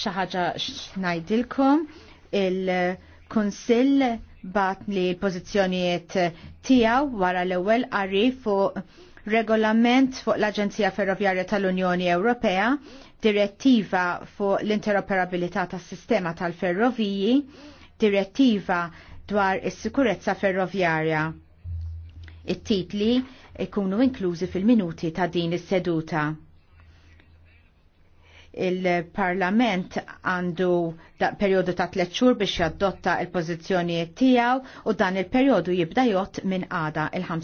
xaħġa xnajdilkom il-Konsill bat li l pozizjoniet tijaw wara l-ewel għarri fuq regolament fuq l-Aġenzija Ferroviarja tal-Unjoni Ewropea, direttiva fuq l-interoperabilità tas sistema tal-ferroviji, direttiva dwar is-sikurezza ferroviarja. It-titli ikunu inklużi fil-minuti ta' din is-seduta il-parlament għandu periodu ta' tliet xhur biex jaddotta il-pożizzjonijiet tiegħu u dan il-perjodu jibda jott minn għada il-5